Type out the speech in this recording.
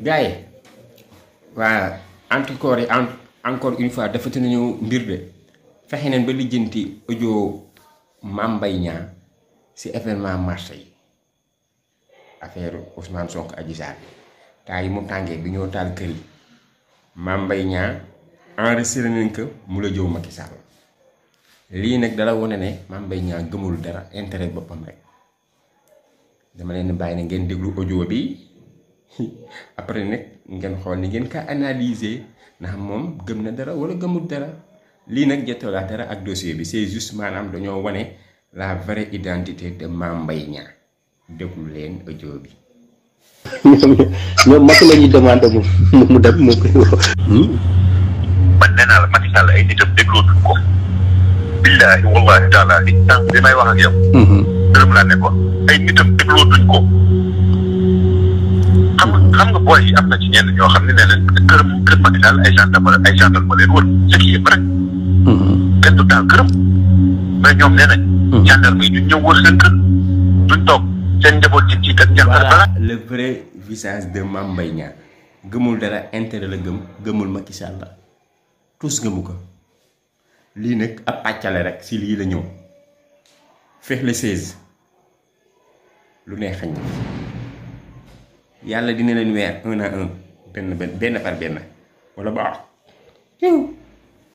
gars yi waa encore encore une fois dafati nañu mbir de fexe neen ba lijjanti audio Mame Mbaye Niang ci événement marché yi affaire Ousmane Sonko Adji Sarr taa yi mu tàngee bi ñoo taal kër yi Mame Mbaye Niang nañ ko mu la jëw Macky Sall lii nag dala wone ne Mame Mbaye Niang gëmul dara intérêt boppam rek dama leen bàyyi na ngeen déglu audio bi après nag ngeen xool ni ngeen ka analyser ndax moom gëm na dara wala gëmul dara lii nag jotoo la dara ak dossier bi c'est juste maanaam dañoo wane la vraie identité de Mame Mbaye Niang leen audio bi. ñoom ñoom Macky la ñuy mu mu dem mu koy wax. man nee naa la Macky Sall ay ko. billaahi wallaahi taalaa li tànk bi may wax ak yow. Mhm. laa ne ko ay nitam déglootuñ ko. xam nga xam nga booy yi am na ci ñenn ñoo xam ne nee nañ këram kër Macky Sall ay gendarme ay gendarme ma leen wër ce qui est vrai. Mm-hmm. kenn du taal këram. mais ñoom nee nañ. Mm-hmm. gendarme yi ñëw wër seen kër duñ toog seen njaboot ci ci kat. voilà le vrai visage de Mame Mbaye Niang gëmul dara intérêt la gëm gëmul ma Sall la tous gëmu ko lii nag ab pàccale rek si lii la ñëw fex le 16 lu ne xañ yàlla dina leen weer un à un benn benn benn par benn